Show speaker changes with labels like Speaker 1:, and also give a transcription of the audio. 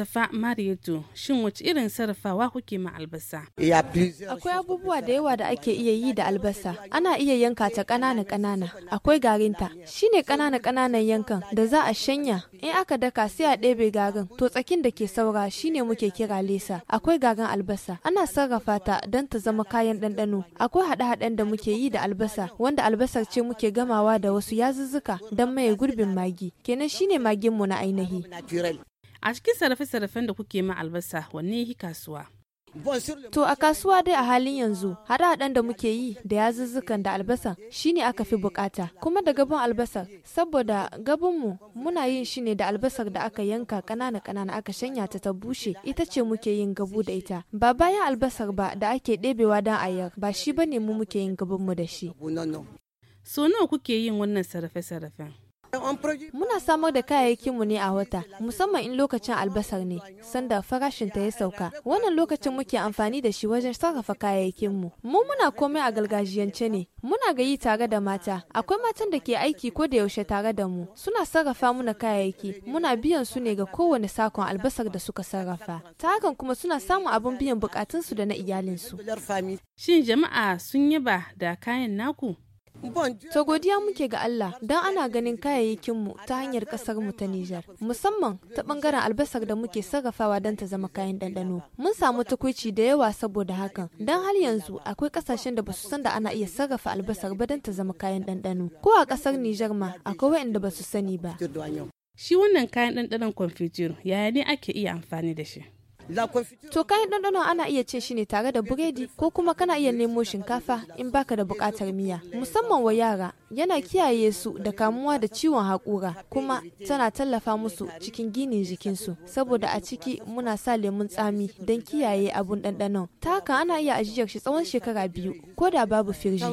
Speaker 1: Mustapha Mariyatu, shin wace irin sarrafawa kuke ma albasa?
Speaker 2: Akwai abubuwa da yawa da ake iya yi da albasa. Ana iya yanka ta ƙanana ƙanana. Akwai garinta. Shine ƙanana ƙananan yankan da za a shanya. In aka daka sai a ɗebe garin. To tsakin da ke saura shine muke kira lesa. Akwai garin albasa. Ana sarrafa ta don ta zama kayan ɗanɗano. Akwai haɗe-haɗen da muke yi da albasa wanda albasar ce muke gamawa da wasu yazuzzuka don maye gurbin magi. Kenan shine maginmu na ainihi.
Speaker 1: A cikin sarrafe-sarrafen da kuke ma albasa wanne yi kasuwa?
Speaker 2: To a kasuwa dai a halin yanzu hada hadan da muke yi da yazuzzukan da albasa shine aka fi bukata kuma da gabon albasar saboda mu muna yin shine da albasar da aka yanka kanana kanana aka shanya ta ta bushe ita ce muke yin gabu da ita ba bayan albasar ba da ake ɗebewa dan ayar ba shi bane mu muke yin mu
Speaker 1: da shi. So nawa kuke yin wannan sarrafe-sarrafen? Muna
Speaker 2: samar da kayayyakinmu ne a wata, musamman in lokacin albasar ne, sanda farashinta ya sauka. Wannan lokacin muke amfani da shi wajen sarrafa kayayyakinmu. Mu muna komai a gargajiyance ne, muna gayi tare da mata. Akwai matan da ke aiki ko da yaushe tare da mu, suna sarrafa muna kayayyaki, muna biyan su ne ga kowane sakon albasar da suka sarrafa. Ta hakan kuma suna samun abin biyan bukatunsu da na iyalinsu.
Speaker 1: Shin jama'a sun yaba da
Speaker 2: kayan naku? To godiya muke ga Allah don ana ganin kayayyakinmu ta hanyar kasar mu ta Nijar, musamman ta ɓangaren albasar da muke sarrafawa don ta zama kayan ɗanɗano. Mun samu tukuici da yawa saboda hakan, don har yanzu akwai ƙasashen da basu san da ana iya sarrafa albasar ba don ta zama kayan ɗanɗano. Ko a kasar Nijar ma akwai waɗanda basu sani ba.
Speaker 1: Shi wannan kayan ɗanɗanon kwamfutur yaya ne ake iya amfani da shi?
Speaker 2: To kayan ɗanɗano ana iya ce shi ne tare da buredi ko kuma kana iya nemo shinkafa in baka da buƙatar miya. Musamman wa yara yana kiyaye su da kamuwa da ciwon haƙura kuma tana tallafa musu cikin ginin jikinsu saboda a ciki muna sa lemun tsami don kiyaye abun ɗanɗano Ta haka ana iya ajiyar shi tsawon shekara biyu ko da babu firji.